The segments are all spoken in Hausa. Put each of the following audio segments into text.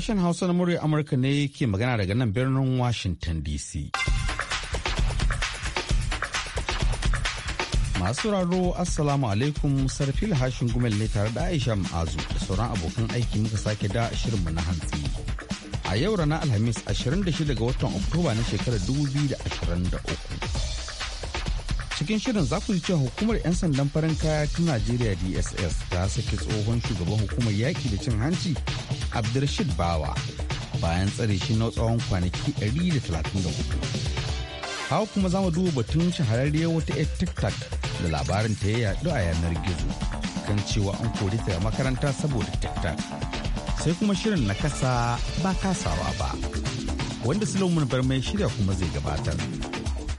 Sashen Hausa na murya Amurka ne ke magana daga nan birnin Washington DC. Masu raro Assalamu alaikum sarfil hashin gumel ne tare da Aisha Ma'azu da sauran abokan aiki muka sake da shirinmu na hantsi. A yau ranar Alhamis 26 ga watan Oktoba na shekarar 2023. cikin shirin za ku ji cewa hukumar 'yan sandan farin kaya ta najeriya dss ta saki tsohon shugaban hukumar yaki da cin hanci abdulrashid bawa bayan tsare shi na tsawon kwanaki 134 haka kuma za mu duba batun shahararriyar wata 'yar tiktok da labarin ta ya yaɗu a yanar gizo kan cewa an kori ta makaranta saboda tiktok sai kuma shirin na kasa ba kasawa ba wanda bar mai shirya kuma zai gabatar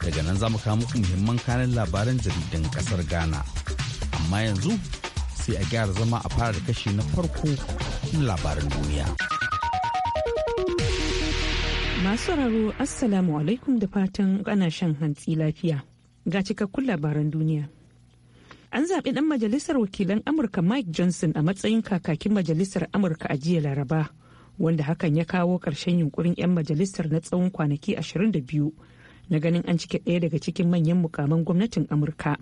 daga nan za mu kawo muku muhimman kanin labaran jaridan kasar ghana amma yanzu sai a gyara zama a fara da kashi na farko cikin labaran duniya. Masu sauraro Assalamu alaikum da fatan ana shan hantsi lafiya. Ga cikakkun labaran duniya. An zaɓi ɗan majalisar wakilan Amurka Mike Johnson a matsayin kakakin majalisar Amurka a jiya Laraba, wanda hakan ya kawo ƙarshen yunkurin 'yan majalisar na tsawon kwanaki 22 na ganin an cike ɗaya daga cikin manyan mukaman gwamnatin Amurka.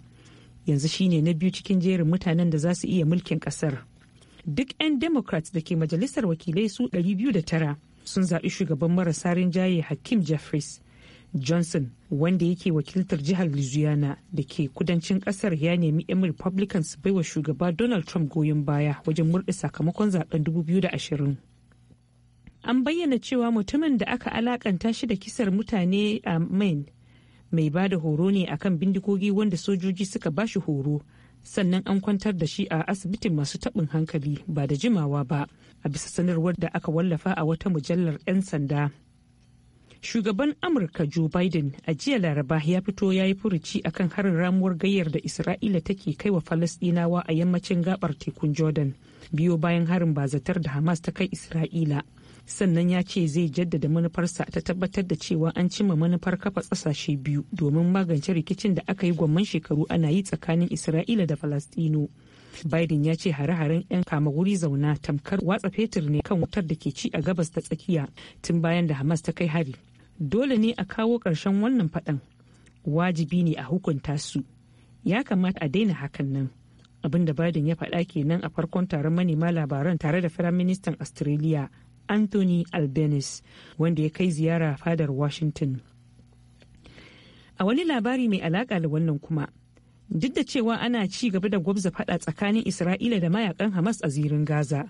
Yanzu shine na biyu cikin jerin mutanen da za su iya mulkin ƙasar. duk 'yan democrats da ke majalisar wakilai su 209 sun zaɓi shugaban marasa rinjaye hakim jeffries johnson wanda yake wakiltar jihar louisiana da ke kudancin kasar ya nemi 'yan republicans baiwa shugaba donald trump goyon baya wajen murɗe sakamakon zaben 2020 an bayyana cewa mutumin da aka alakanta shi da kisar mutane a um, maine mai ba da horo ne akan bindigogi wanda sojoji suka bashi horo sannan an kwantar da shi a asibitin masu taɓin hankali ba da jimawa ba a bisa sanarwar da aka wallafa a wata mujallar 'yan sanda shugaban amurka joe biden a jiya laraba ya fito ya yi furuci akan harin ramuwar gayyar da isra'ila take kai wa falasdinawa a yammacin gabar tekun jordan biyo bayan harin bazatar da hamas ta kai isra'ila sannan ya ce zai jaddada manufarsa ta tabbatar da cewa an cimma manufar kafa tsasashe biyu domin magance rikicin da aka yi gwamman shekaru ana yi tsakanin isra'ila da falastino biden ya ce hare-haren 'yan kama wuri zauna tamkar watsa fetur ne kan wutar da ke ci a gabas ta tsakiya tun bayan da hamas ta kai hari dole ne a kawo ƙarshen wannan faɗan wajibi ne a hukunta su ya kamata a daina hakan nan abinda biden ya faɗa kenan a farkon taron manema labaran tare da firaministan australia anthony albanese wanda ya kai ziyara fadar washington a wani labari mai alaƙa da wannan kuma duk da cewa ana ci gaba da gwabza fada tsakanin isra'ila da mayakan hamas a zirin gaza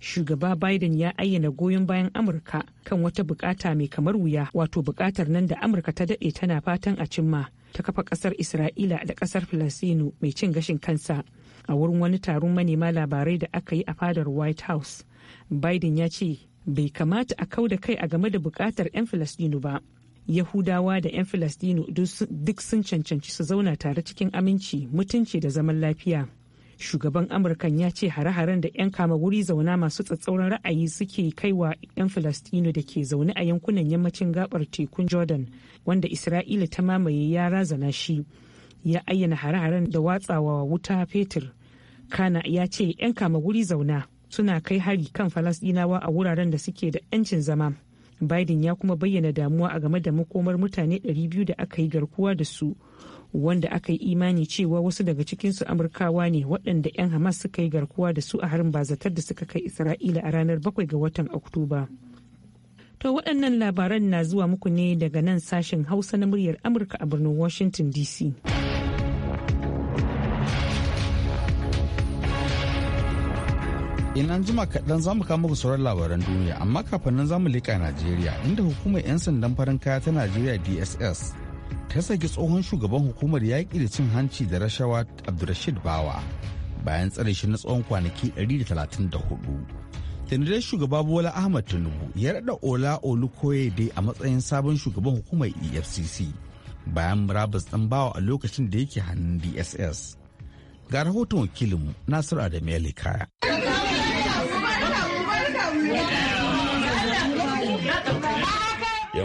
shugaba biden ya ayyana goyon bayan amurka kan wata bukata mai kamar wuya wato bukatar nan da amurka ta daɗe tana fatan a cimma ta kafa ƙasar isra'ila da ƙasar filistinu mai cin gashin kansa a wurin wani taron manema labarai da aka yi a fadar white house biden ya ce bai kamata a kau da kai a game da bukatar 'yan filastinu ba yahudawa da 'yan filastinu duk sun cancanci su zauna tare cikin aminci mutunci da zaman lafiya shugaban amurkan ya ce hare-haren da 'yan kama wuri zauna masu tsatsauran ra'ayi suke kaiwa 'yan filastinu da ke zaune a yankunan yammacin gabar tekun jordan wanda isra'ila ta mamaye ya razana shi ya ayyana hare-haren da watsawa wuta fetur kana ya ce 'yan kama wuri zauna suna kai hari kan falasdinawa a wuraren da suke da 'yancin zama biden ya kuma bayyana damuwa a game da makomar mutane 200 da aka yi garkuwa da su wanda aka yi imani cewa wasu daga cikinsu amurkawa ne waɗanda 'yan hamas suka yi garkuwa da su a harin bazatar da suka kai isra'ila a ranar 7 ga watan oktoba to waɗannan labaran na zuwa muku ne daga nan sashen hausa na muryar amurka a birnin washington dc in an jima kaɗan zamu kama kawo sauran labaran duniya amma kafin nan za mu leƙa najeriya inda hukumar 'yan sandan farin kaya ta najeriya dss ta saki tsohon shugaban hukumar yaƙi da cin hanci da rashawa abdulrashid bawa bayan tsare shi na tsawon kwanaki 134 tinidai shugaba bola ahmad tinubu ya raɗa ola dai a matsayin sabon shugaban hukumar efcc bayan murabus ɗan bawa a lokacin da yake hannun dss ga rahoton wakilinmu nasiru adamu ya lekaya.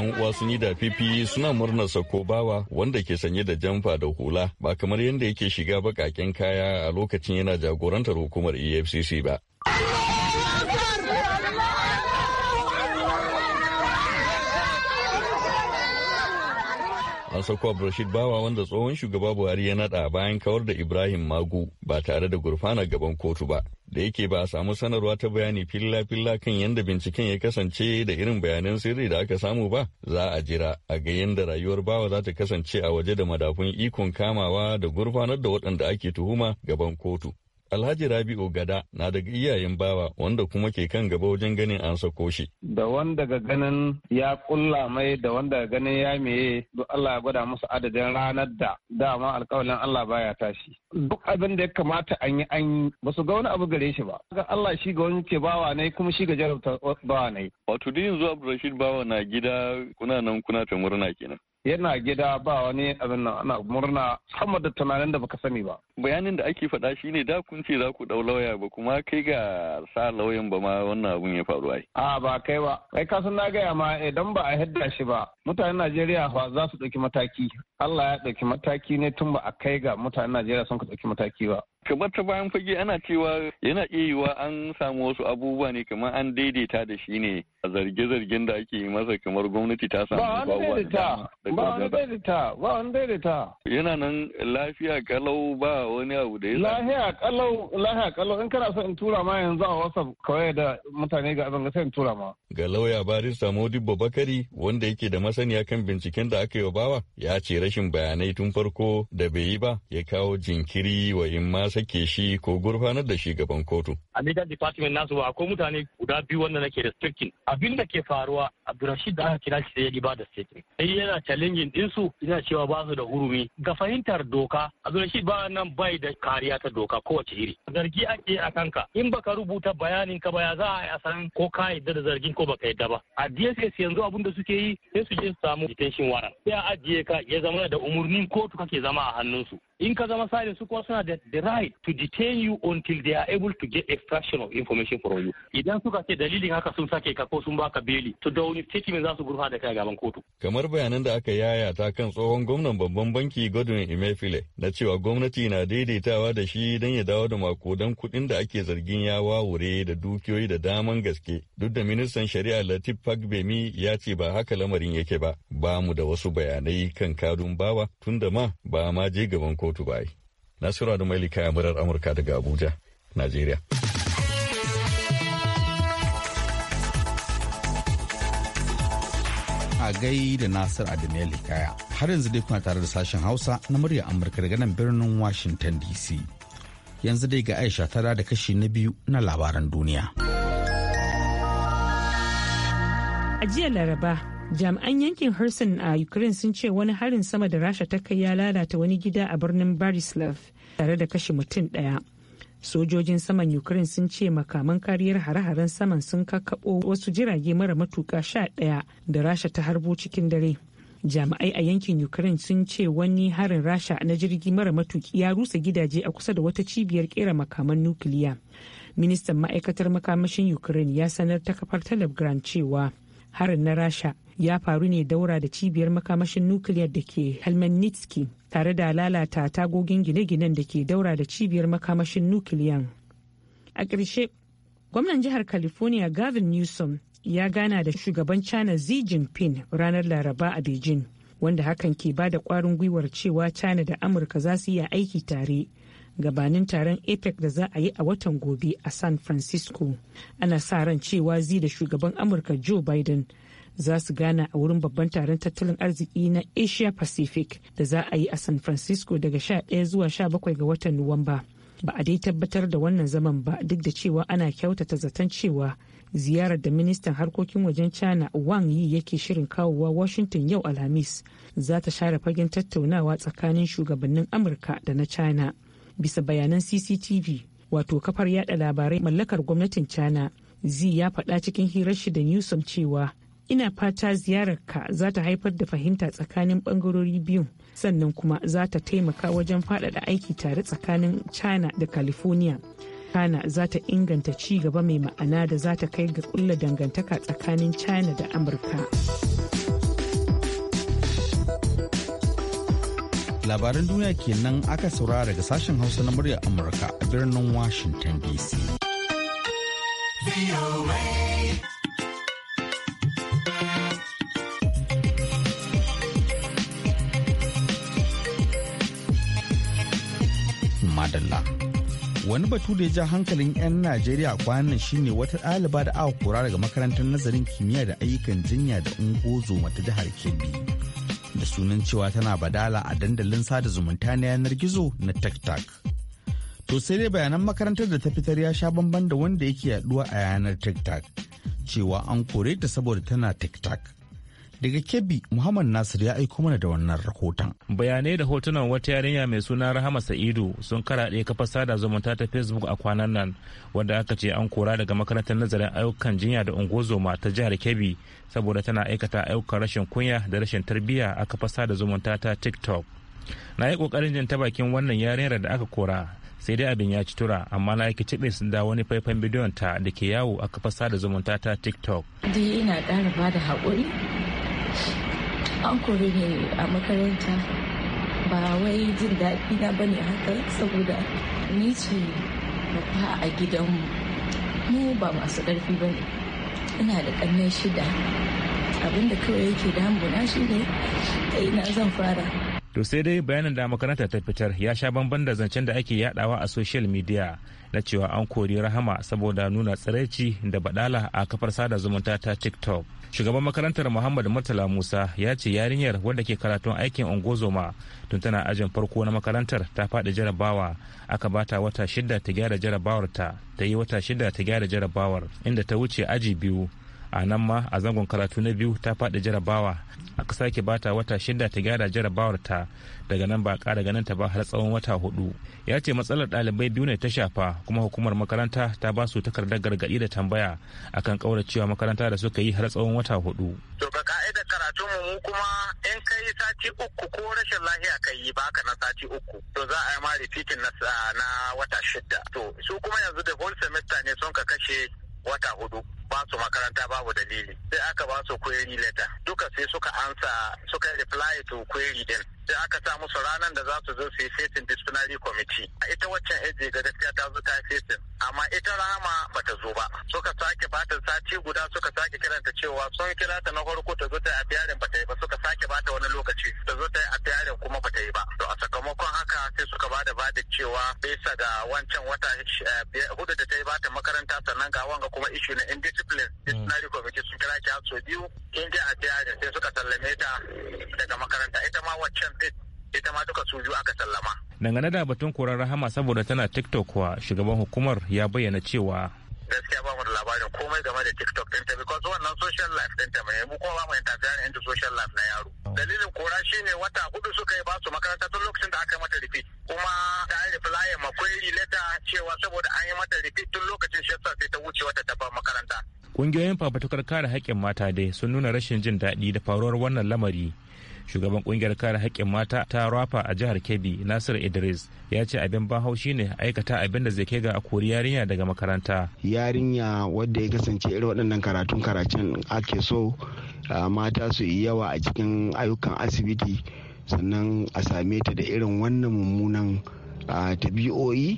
'yan uwa sun yi dafifi suna murnar sako bawa wanda ke sanye da jamfa da hula ba kamar yadda yake shiga bakakin kaya a lokacin yana jagorantar hukumar efcc ba. an sako Rashid Bawa wanda tsohon shugaba Buhari ya nada bayan kawar da Ibrahim Magu ba tare da gurfana gaban kotu ba. Da yake ba a samu sanarwa ta bayani filla-filla kan yadda binciken ya kasance da irin bayanan sirri da aka samu ba, za a jira a ga yadda rayuwar bawa za ta kasance a waje da madafun ikon kamawa da gurfanar da waɗanda ake tuhuma gaban kotu. Alhaji Rabi'u Gada na daga iyayen bawa wanda kuma ke kan gaba wajen ganin an sako shi. Da wanda ga ganin ya kulla mai da wanda ga ganin ya meye duk Allah ya gwada musu adadin ranar da dama alkawalin Allah baya tashi. Duk abin da ya kamata an yi an yi ba su ga wani abu gare shi ba. Ga Allah shi ga wani ke bawa ne kuma shi ga jarabta bawa ne. Wato da yanzu Abdulrashid bawa na gida kuna nan kuna ta murna kenan. yana gida ba wani abin nan ana murna sama da tunanin da baka sani ba bayanin da ake faɗa shine da kun ce za ku ɗau lauya ba kuma kai ga sa lauyan ba ma wannan abun ya faru ai a ba kai ba kai ka san na gaya ma idan ba a hadda shi ba mutanen Najeriya fa za su ɗauki mataki Allah ya ɗauki mataki ne tun ba a kai ga mutanen Najeriya sun ka ɗauki mataki ba kamar ta bayan fage ana cewa yana iya yiwa an samu wasu abubuwa ne kamar an daidaita da shi ne a zarge-zargen da ake yi masa kamar gwamnati ta samu ba wani daidaita ba wani daidaita ba wani daidaita. yana nan lafiya kalau ba wani abu da ya lafiya kalau lafiya kalau in kana son in tura ma yanzu a wasaf. kawai da mutane ga abin sai in tura ma ga lauya barista Modi babakari wanda yake da masaniya kan binciken da aka yi wa bawa ya ce rashin bayanai tun farko da bai yi ba ya kawo jinkiri wa sake shi ko gurfanar da shi gaban kotu. A legal department nasu ba akwai mutane guda biyu wanda nake restricting. Abin da ke faruwa Abdulrashid da aka kira shi sai ya ba da statement. Sai yana challenging su yana cewa ba su da hurumi. Ga fahimtar doka Abdulrashid ba nan bai da kariya ta doka kowace iri. Zargi ake a kanka in baka rubuta bayanin ka ba ya za a yi san ko ka yadda da zargin ko baka yadda ba. A DSS yanzu abin da suke yi sai su je su samu detention warrant. Sai a ajiye ka ya zama da umurnin kotu kake zama a hannunsu. in ka zama sare su kuma suna da the right to detain you until they are able to get extraction of information from you idan suka ce dalilin haka sun sake ka ko sun baka beli to da wani statement za su gurfa da kai gaban kotu kamar bayanan da aka yaya ta kan tsohon gwamnan babban banki Godwin Emefiele na cewa gwamnati na daidaitawa da shi dan ya dawo da makudan kuɗin da ake zargin ya wawure da dukiyoyi da daman gaske duk da ministan shari'a Latif Fagbemi ya ce ba haka lamarin yake ba ba mu da wasu bayanai kan kadun bawa tunda ma ba ma je gaban kotu kotu Nasiru Adamu Malika murar Amurka daga Abuja, Najeriya. a gai da Nasir ya Kaya. Har yanzu dai kuna tare da sashen Hausa na muryar Amurka daga nan birnin Washington DC. Yanzu dai ga Aisha tara da kashi na biyu na labaran duniya. A jiya Laraba, jami'an yankin herson a ukraine sun ce wani harin sama da rasha ta kai ya lalata wani gida a birnin barislav tare da kashe mutum daya sojojin saman ukraine sun ce makaman kariyar hare-haren saman sun kakaɓo wasu jirage mara matuka sha daya da rasha ta harbo cikin dare jami'ai a yankin ukraine sun ce wani harin rasha na jirgi mara matuki ya rusa gidaje a kusa da wata cibiyar kera makaman nukiliya ministan ma'aikatar makamashin ukraine ya sanar ta kafar telegram cewa harin na rasha ya faru ne daura da cibiyar makamashin nukiliyar da ke helmenitsky tare da lalata tagogin gine-ginen da ke daura da cibiyar makamashin nukiliyar a ƙarshe gwamnan jihar california gavin newsom ya gana da shugaban china xi jinping ranar laraba a beijing wanda hakan ke ba da kwarin gwiwar cewa china da amurka za su iya aiki tare gabanin taron apec da za a yi a watan gobe a san francisco ana sa ran cewa zi da shugaban amurka joe biden za su gana a wurin babban taron tattalin arziki na asia pacific da za a yi a san francisco daga 11 zuwa 17 ga watan nuwamba ba a dai tabbatar da wannan zaman ba duk da cewa ana kyautata zaton cewa ziyarar da ministan harkokin wajen china wang yi yake shirin kawowa washington yau alhamis za ta share fagen tattaunawa tsakanin shugabannin amurka da na china bisa bayanan cctv wato kafar yada labarai mallakar gwamnatin china zi ya faɗa cikin hirar shi da newsom cewa ina fata ziyararka za ta haifar da fahimta tsakanin bangarori biyu sannan kuma za ta taimaka wajen faɗaɗa aiki tare tsakanin china da california china za ta inganta ci gaba mai ma'ana da za ta kai ga ƙulla dangantaka tsakanin china da amurka labaran duniya kenan aka saurara daga sashen hausa na muryar amurka a birnin washington dc madalla. Wani batu da ya ja hankalin 'yan Najeriya kwanan shine wata ɗaliba da aka kura daga makarantar nazarin kimiyya da ayyukan jinya da ungozoma ta jihar Kebbi. Da sunan cewa tana badala a dandalin sada zumunta na yanar gizo na TikTok. To sai dai bayanan makarantar da ta fitar ya sha bamban da wanda yake yaduwa a yanar TikTok. Cewa an kore ta saboda tana TikTok. Daga Kebbi Muhammad Nasir ya aiko mana da wannan rahoton. Bayanai da hotunan wata yarinya mai suna Rahama Sa'idu sun karaɗe kafar sada zumunta ta Facebook a kwanan nan wanda aka ce an kora daga makarantar nazarin ayyukan jinya da ungozoma ta jihar Kebbi saboda tana aikata ayyukan rashin kunya da rashin tarbiyya a kafar sada zumunta ta TikTok. Na yi kokarin jin ta bakin wannan yarinyar da aka kora sai dai abin ya ci tura amma na yake cibe sun da wani faifan bidiyon ta da ke yawo a kafar sada zumunta ta tiktok. Dai ina ƙara ba da haƙuri an kore ni a makaranta ba wai jin daɗi na bane haka saboda ni ce babba a gidanmu mu ba masu ƙarfi bane ina da ƙannen shida abinda kawai yake damuna shi ne ina zan fara to sai dai bayanin da makaranta ta fitar ya sha bamban da zancen da ake yadawa a social media na cewa an kori rahama saboda nuna tsiraici da badala a kafar sada zumunta ta tiktok shugaban makarantar muhammad murtala musa ya ce yarinyar wadda ke karatun aikin ungozoma tun tana ajin farko na makarantar ta faɗi jarabawa aka bata wata shida ta gyara jarabawar ta ta yi wata shida ta gyara jarabawar inda ta wuce aji biyu a nan ma a zangon karatu na biyu ta faɗi jarabawa aka sake bata wata shida ta gyara jarabawar ta daga nan ba ƙara ganin ta ba har tsawon wata hudu ya ce matsalar ɗalibai biyu ne ta shafa kuma hukumar makaranta ta ba su takardar gargaɗi da tambaya akan ƙauracewa makaranta da suka yi har tsawon wata hudu. to ga ka'idar karatun mu kuma in ka yi sati uku ko rashin lahiya ka yi ba ka na sati uku to za a yi ma repeating na wata shida to su kuma yanzu da whole semester ne sun ka kashe wata hudu ba su makaranta babu dalili sai aka ba su query letter duka sai suka ansa suka reply to query din sai aka sa musu ranar da za su zo su yi fesin disciplinary committee ita waccan aji ga gaskiya ta zo ta fesin amma ita rama bata zo ba suka sake bata sati guda suka sake kiranta cewa sun kira ta na farko ta zo ta a bata yi ba suka sake bata wani lokaci ta zo ta a kuma bata yi ba to a sakamakon haka sai suka bada bada cewa bisa ga wancan wata eh, hudu da ta yi bata makaranta sannan ga wanga kuma ishu na indisciplinary discipline disciplinary mm. committee sun kira ki so biyu in ji a tiyarin sai suka sallame ta daga makaranta ita ma waccan din ita ma duka su biyu aka sallama dangane da batun koran rahama saboda tana tiktok kuwa shugaban hukumar ya bayyana cewa gaskiya ba mu da labarin komai game da tiktok ɗinta because wannan social life ɗinta mai mu kuma ba mu interfere into social life na yaro oh. dalilin kora shine wata hudu suka yi ba su makaranta tun lokacin da aka yi mata repeat kuma ta yi filayen makwai rileta cewa saboda an yi mata repeat tun lokacin shi sai ta wuce wata ta makaranta. ƙungiyoyin fafatukar kare haƙƙin mata dai sun nuna rashin jin daɗi da faruwar wannan lamari. Shugaban ƙungiyar kare haƙƙin mata ta rafa a jihar Kebbi Nasir Idris ya ce abin ban haushi ne aikata abin da zai kai ga a kori yarinya daga makaranta. Yarinya wadda ya kasance irin waɗannan karatun karacen ake so ah, mata su yi yawa a cikin ayyukan asibiti sannan a same ta da irin wannan mummunan tabi'o'i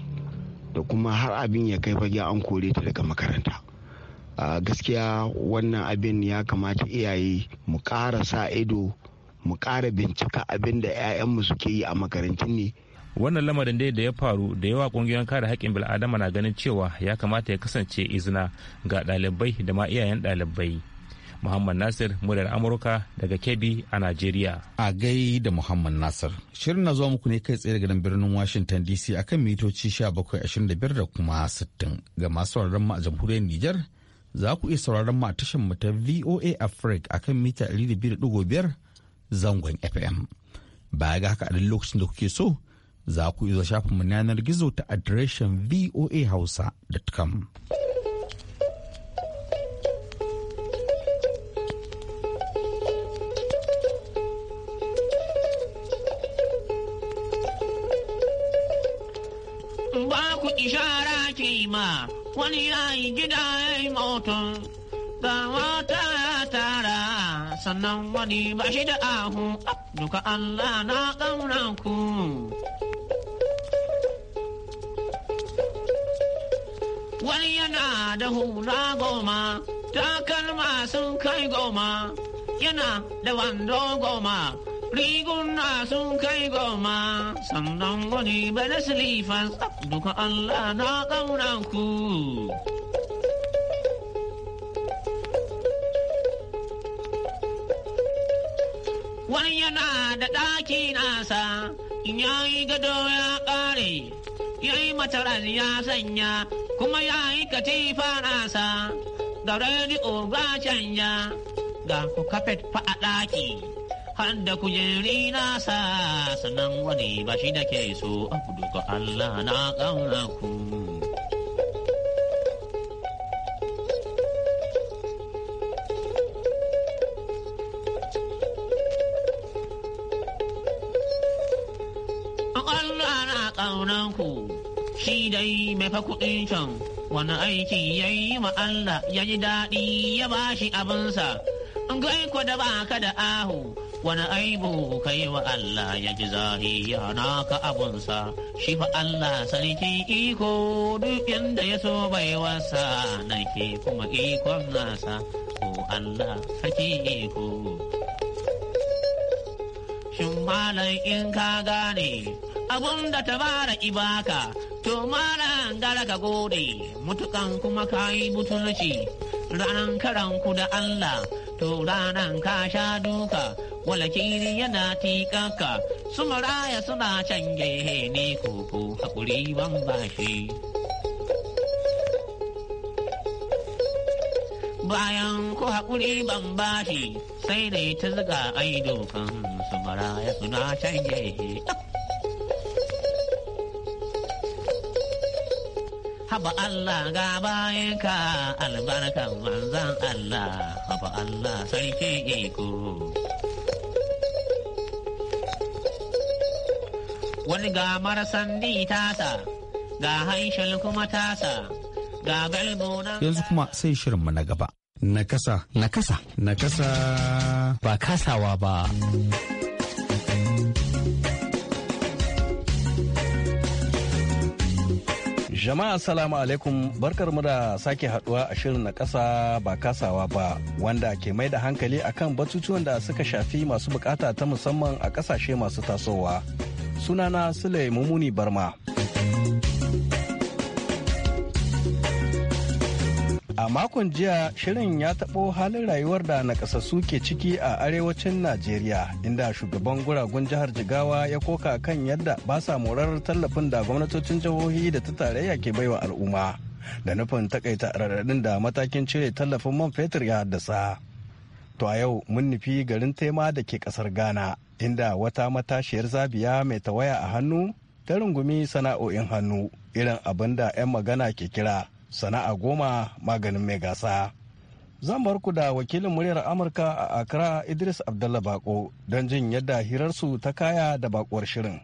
da kuma har abin ya kai fage an kore ta daga makaranta a gaskiya wannan abin ya kamata iyaye mu ƙara sa ido mu ƙara bincika abin da 'ya'yanmu suke yi a makarantun ne wannan lamarin dai da ya faru da yawa kungiyoyin kare haƙƙin bil'adama na ganin cewa ya kamata ya kasance izina ga ɗalibai da ma iyayen ɗalibai Muhammad Nasir muryar Amurka daga Kebbi a Najeriya. A gai da Muhammad Nasir. Shirin na zuwa muku ne kai tsaye daga birnin Washington DC akan mitoci 1725 da kuma 60 ga masu sauraron mu a jamhuriyar Nijar. Za ku iya sauraron mu a tashar mu ta VOA Africa akan mita 200.5 zangon FM. Baya ga haka a duk lokacin da kuke so za ku iya shafin mu yanar gizo ta adireshin voahausa.com. wani ya yi gida ya yi motun ga wata ya tara sannan wani ba shi da ahu duka Allah na ƙaunan ku. Wani yana da hula goma, takalma sun kai goma, yana da wando goma. riguna sun kai goma sannan wani bane silifan duka Allah na ƙaunan ku. Wani yana da ɗaki nasa in yayi gado ya ƙare, yayi mataran ya sanya kuma yayi katifa nasa, da rediyo ba canja, ga ku kafet fa a ɗaki. hadda kujeri na sa sanan wani ba shi da ke so a kudu ga Allah na ƙauna ku. Allah na ku shi dai mai fa kuɗin can wani aiki ya yi ma Allah ya ji daɗi ya ba shi abinsa. Gai kwa da ba ka da ahu wani aibu kai wa Allah ya ji zahiya naka abunsa shi fa Allah sarki iko duk yanda ya so bai wasa nake kuma ikon nasa ko Allah sarki iko shin malam in ka gane abun da tabara ibaka to malan gara ka gode mutukan kuma ka yi butulci ranan karanku da Allah to ranan ka sha duka walakiri yana tikaka su maraya suna canje ne koko haƙuri ban bashi. Bayan ku haƙuri ban bashi sai dai ta zuga aido kan su maraya suna canje. haba Allah ga bayanka albarkan manzan Allah haba Allah sarki iko. wani ga marasan di tasa ga haishal kuma tasa ga galbo na yanzu kuma sai shirinmu na gaba nakasa nakasa nakasa ba kasawa ba Jama'a salamu alaikum mu da sake haduwa a shirin na kasa ba kasawa ba wanda ke mai da hankali akan batutuwan da suka shafi masu bukata ta musamman a kasashe masu tasowa sunana Sulai Mumuni Barma. A makon jiya shirin ya taɓo halin rayuwar da nakasassu ke ciki a arewacin Najeriya inda shugaban guragun jihar Jigawa ya koka kan yadda ba sa morar tallafin da gwamnatocin jihohi da ta tarayya ke baiwa al'umma da nufin takaita raɗaɗin da matakin cire tallafin man fetur ya haddasa. To a yau mun nufi garin tema da ke ƙasar Ghana inda wata matashiyar zabiya mai tawaya a hannu ta rungumi sana'o'in hannu irin abin da 'yan magana ke kira sana'a goma maganin mai gasa. Zan bar ku da wakilin muryar Amurka a Accra Idris Abdullah Bako don jin yadda hirarsu ta kaya da bakuwar shirin.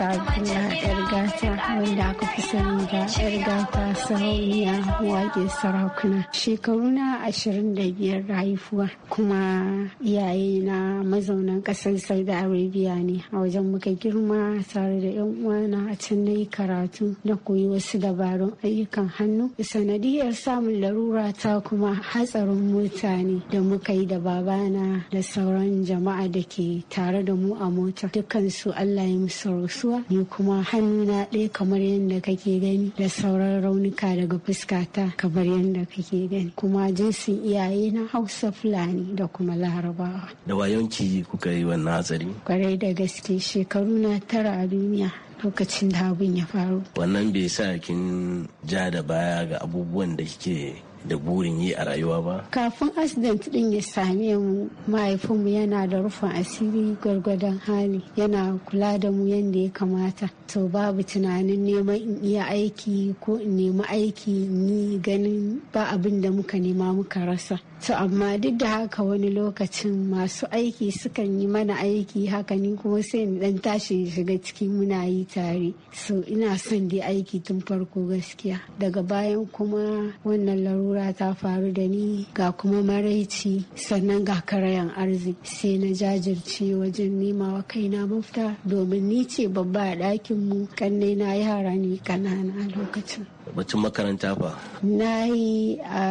sabuwa Abdullahi yar gata wanda aka fi sani da yar gata sarauniya wage sarakuna. Shekaruna ashirin da biyar rayuwa. kuma iyaye na mazaunan ƙasar Saudi Arabia ne a wajen muka girma tare da 'yan uwana a can na yi karatu na koyi wasu dabarun ayyukan hannu. Sanadiyar samun larura ta kuma hatsarin mutane da muka yi da babana da sauran jama'a da ke tare da mu a mota. Dukansu Allah ya musu mutuwa ni kuma hannu na ɗaya kamar yadda kake gani da sauran raunuka daga fuskata kamar yadda kake gani kuma jinsin iyaye na hausa fulani da kuma larabawa da wayonki kuka yi wannan hatsari kwarai da gaske shekaru na tara a duniya lokacin da abin ya faru wannan bai sa kin ja da baya ga abubuwan da kike da burin yi a rayuwa ba kafin accident din ya same mu mahaifinmu yana da rufin asiri gwargwadon hali yana kula da mu yadda ya kamata to babu tunanin neman in iya aiki ko in nemi aiki ni ganin ba abin da muka nema muka rasa to amma duk da haka wani lokacin masu aiki sukan yi mana aiki haka ni kuma sai ni dan tashi shiga ciki muna yi tare so ina son dai aiki tun farko gaskiya daga bayan kuma wannan larura ta faru da ni ga kuma maraici sannan ga karayan arziki sai na jajirce wajen nema wa kaina mafita domin ni ce babba a ɗakin mu kanne na yara ne kanana lokacin batun makaranta fa na yi a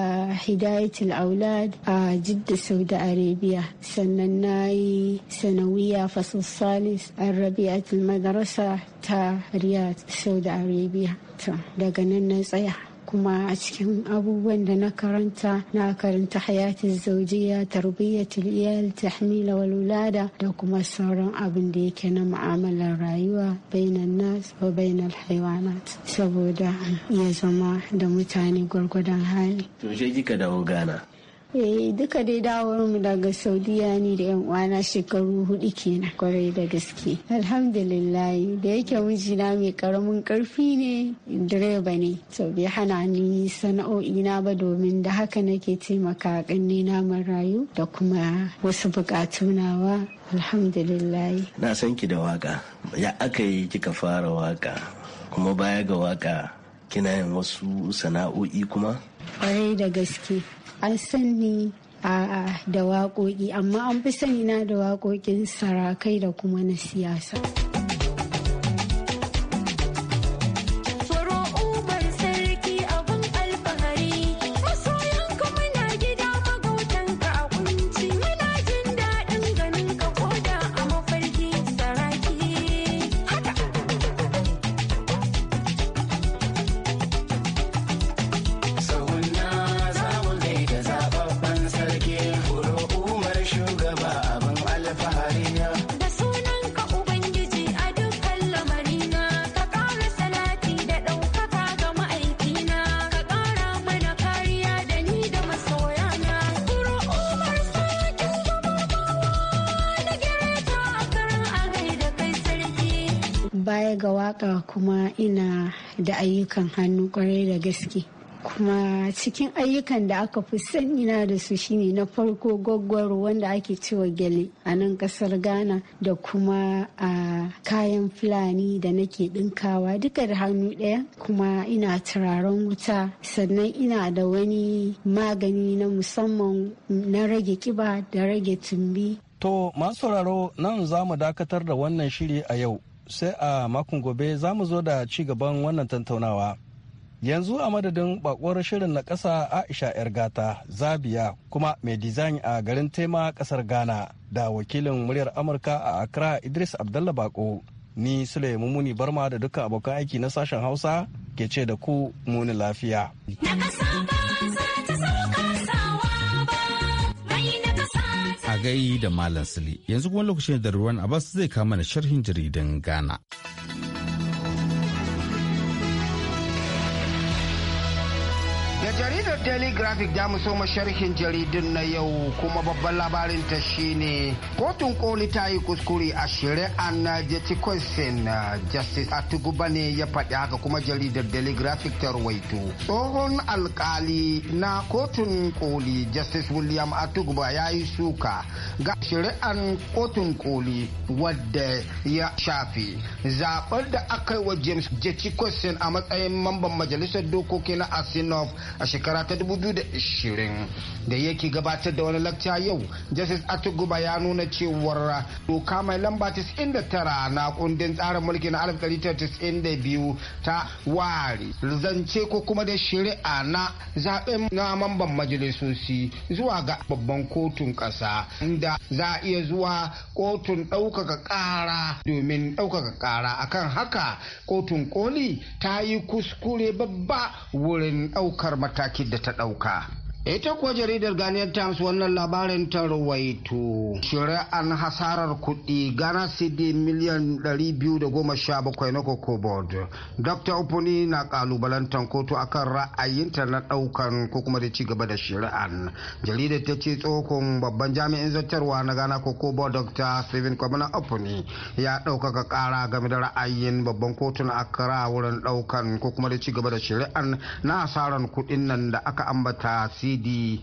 hidayatul aulad a jidda saudi arabia sannan na yi sanawiya fasul salis a rabiatul madarasa ta riyadh saudi arabia daga nan na tsaya kuma a cikin abubuwan da na karanta na karanta hayatin zaujiya tarbiyyatul iyal tahmila wal wulada da kuma sauran abin da yake na mu'amalar rayuwa bainan nas wa bainal haywanat saboda ya zama da mutane gwargwadon hali to je kika dawo gana Eh duka dai dawowar mu daga Saudiya ne da yan uwana shekaru hudu kenan kwarai da gaske. Alhamdulillah da yake mijina mai karamin karfi ne direba ne. sau bai hana ni sana'o'i na ba domin da haka nake taimaka ganni na marayu da kuma wasu bukatu nawa. Alhamdulillah. Na san ki da waka. Ya aka yi kika fara waka kuma baya ga waka kina yin wasu sana'o'i kuma? Kwarai da gaske. an sani a da waƙoƙi amma an fi sani na da waƙoƙin sarakai da kuma na siyasa. kuma ina da ayyukan hannu kwarai da gaske kuma cikin ayyukan da aka fi sani na da su shine na farko gwaggwaro wanda ake cewa gyale a nan kasar ghana da kuma a kayan fulani da nake ɗinkawa duka da hannu ɗaya kuma ina turaren wuta sannan ina da wani magani na musamman na rage kiba da rage tumbi To masu sauraro nan za mu dakatar da wannan shiri a yau sai a makon gobe za mu zo da ci gaban wannan tantaunawa. Yanzu a madadin bakuwar shirin na ƙasa Aisha gata Zabiya kuma mai dizayin a garin Tema ƙasar Ghana da wakilin muryar Amurka a Accra Idris Abdallah Bako. Ni Sule Mumuni Barma da dukkan abokan aiki na sashen Hausa ke ce da ku muni lafiya. Na gai da Malam Sili. Yanzu kuma lokacin da Ruwan Abbas zai kama da sharhin jaridan Ghana. Da jaridar Daily Graphic da so sharhin jaridun na yau kuma babban labarin ta shine kotun koli ta yi kuskure a shari'an Jeti Kwesen Justice ne ya faɗi haka kuma jaridar Daily Graphic ta rawaito. Tsohon alkali na kotun koli Justice William Atuguba ya yi suka ga shari'an kotun koli wadda ya shafi zaɓar da aka yi wa James Jeti a matsayin mamban majalisar dokoki na Asinov a shekara ta 2020 da yake gabatar da wani lakca yau justice atuguba ya nuna cewar doka mai lamba 99 na kundin tsarin mulki na 1992 ta ware zance ko kuma da shari'a na zaben na mamban majalisoci zuwa ga babban kotun ƙasa inda za a iya zuwa kotun ɗaukaka ƙara domin ɗaukaka ƙara akan haka kotun koli ta yi kuskure babba wurin ɗaukar matakin da ta ɗauka. ita kuwa jaridar Ghanaian Times wannan labarin ta ruwaito. shari'an hasarar kuɗi Ghana CD miliyan 217 na Cocobod. Dr. Upuni na kalubalantar kotu akan ra'ayinta na ɗaukan ko kuma da cigaba da shari'an. Jaridar ta ce tsokon babban jami'in zartarwa na Ghana Cocobod Dr. Stephen Kwamina Upuni ya ɗaukaka ƙara game da ra'ayin babban kotun akara wurin ɗaukan ko kuma da cigaba da shari'an na hasarar kuɗin nan da aka ambata CD cedi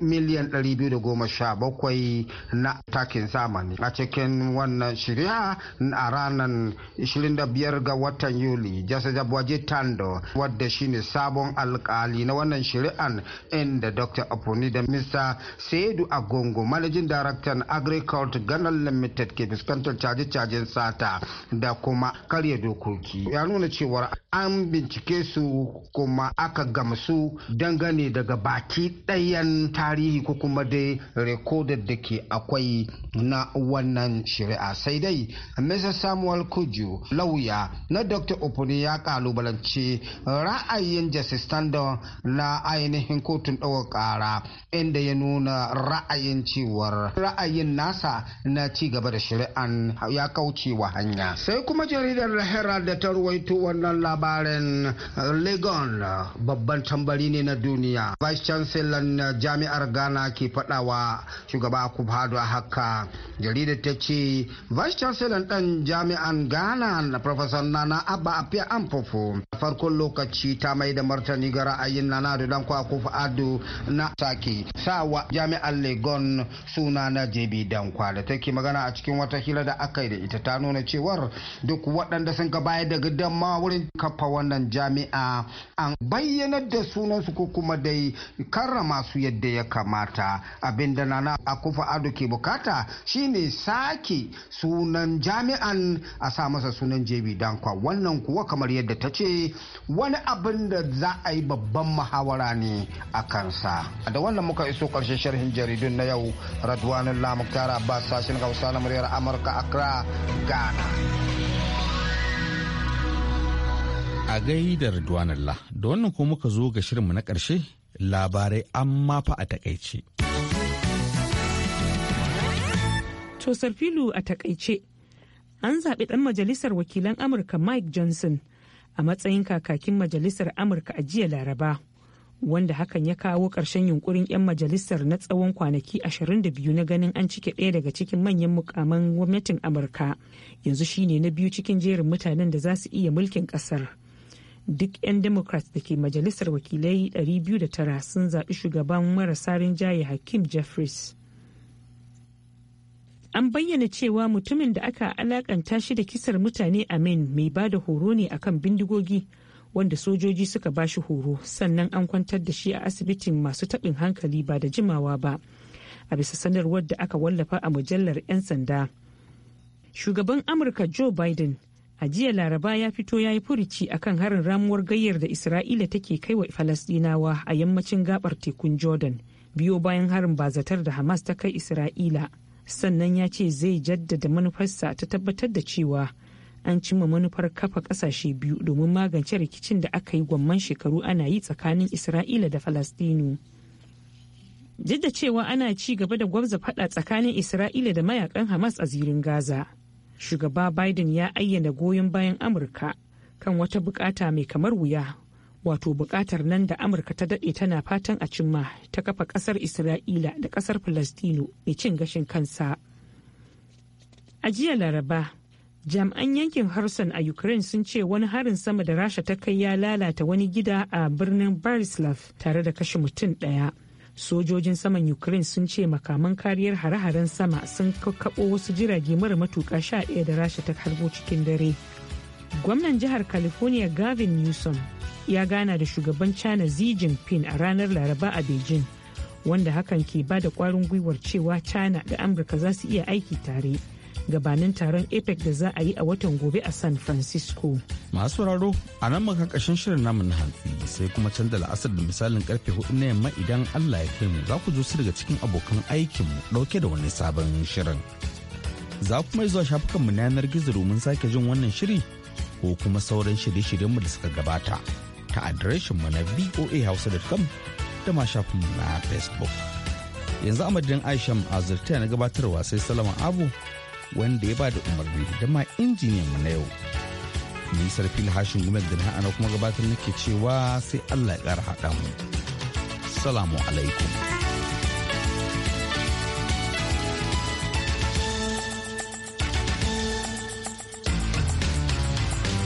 miliyan 217 na takin zamani a cikin wannan shirya a ranar 25 ga watan yuli jasa waje tando wadda shine sabon alkali na wannan shiri'an inda dr aponi da mr saidu agongo managing director agriculture ghana limited ke fuskantar caje-cajen sata da kuma karya dokoki ya nuna cewar an bincike su kuma aka gamsu dangane daga baki ɗayan tarihi ko kuma dai rekodar da ke akwai na wannan shari'a sai dai Mr. Samuel Kuju lauya na Dr. Opuni ya kalubalance ra'ayin Justice Standard na ainihin kotun ɗaukar ƙara inda ya nuna ra'ayin cewar ra'ayin nasa na ci gaba da shari'an ya wa hanya. Sai kuma jaridar Herald da ta ruwaito wannan labarin Legon babban tambari ne na duniya Nigeria. Vice Chancellor uh, Jami'ar Ghana ke faɗawa shugaba akufo a haka. Jaridar ta ce Vice Chancellor ɗan jami'an Ghana na Professor Nana Abba Apia Amfofo. Farkon lokaci ta mai da martani ga ra'ayin Nana Adodanko akufo ado na sake sawa jami'ar Legon suna na JB Dankwa da take magana a cikin wata hira da aka yi da ita ta nuna cewar duk waɗanda sun bayar da dan ma wurin kafa wannan jami'a an bayyanar da sunansu ko kuma da dai karrama su yadda ya kamata abinda nana kufa ado ke bukata shine sake sunan jami'an a sa masa sunan jebi dankwa wannan kuwa kamar yadda ta ce wani abin da za a yi babban muhawara ne a kansa da wannan muka iso karshen sharhin jaridun na yau radwanin lamuktara ba sashen hausa na muryar amurka accra ghana a gaidar duwanallah da wannan ko muka zo ga shirinmu na ƙarshe labarai amma fa a takaice. To filu a takaice, an zaɓi ɗan majalisar wakilan Amurka Mike Johnson a matsayin kakakin majalisar Amurka a jiya Laraba, wanda hakan ya kawo ƙarshen yunkurin 'yan majalisar na tsawon kwanaki 22 na ganin an cike ɗaya daga cikin manyan mukaman gwamnatin Amurka. Yanzu shine na biyu cikin jerin mutanen da za su iya mulkin ƙasar. duk 'yan democrats da ke majalisar wakilai 209 sun zaɓi shugaban marasa rinjaye hakim jeffries an bayyana cewa mutumin da aka alakanta shi da kisar mutane amin mai ba da horo ne akan bindigogi wanda sojoji suka ba shi horo sannan an kwantar da shi a asibitin masu taɓin hankali ba da jimawa ba a bisa sanarwar da aka wallafa a mujallar 'yan sanda shugaban amurka joe biden a jiya laraba ya fito ya yi furici akan harin ramuwar gayyar da isra'ila take kai wa falasdinawa a yammacin gabar tekun jordan biyo bayan harin bazatar da hamas ta kai isra'ila sannan ya ce zai jaddada manufarsa ta tabbatar da cewa an cimma manufar kafa kasashe biyu domin magance rikicin da aka yi gwamman shekaru ana yi tsakanin isra'ila da falastinu duk da cewa ana ci gaba da gwabza faɗa tsakanin isra'ila da mayakan hamas a zirin gaza shugaba biden ya ayyana goyon bayan amurka kan wata bukata mai kamar wuya wato bukatar nan da amurka ta daɗe tana fatan a cimma ta kafa ƙasar isra'ila da ƙasar falastino mai cin gashin kansa a jiya laraba jami'an yankin harson a ukraine sun ce wani harin sama da rasha ta kai ya lalata wani gida a birnin barislav tare da kashe mutum ɗaya sojojin saman ukraine sun ce makaman kariyar hare-haren sama sun kakkaɓo wasu jirage mara matuka sha ɗaya da rasha ta harbo cikin dare gwamnan jihar california gavin newsom ya gana da shugaban china xi jinping a ranar laraba a beijing wanda hakan ke ba da kwarin gwiwar cewa china da amurka za su iya aiki tare gabanin taron apec da za a yi a watan gobe a san francisco masu sauraro a nan maka kashin shirin namun na hantsi sai kuma canza la'asar da misalin karfe hudu na yamma idan allah ya kai mu za ku zo su daga cikin abokan aikin mu ɗauke da wani sabon shirin za mai zuwa shafukanmu na yanar gizo domin sake jin wannan shiri ko kuma sauran shirye-shiryenmu da suka gabata ta adireshinmu na hausa da ma shafinmu na facebook yanzu a madadin aisha azurta na gabatarwa sai salama abu wanda ya ba da umarni da ma injiniyan mu na yau ni sarfil hashin gumel da na kuma gabatar nake cewa sai allah ya kara haɗa mu salamu alaikum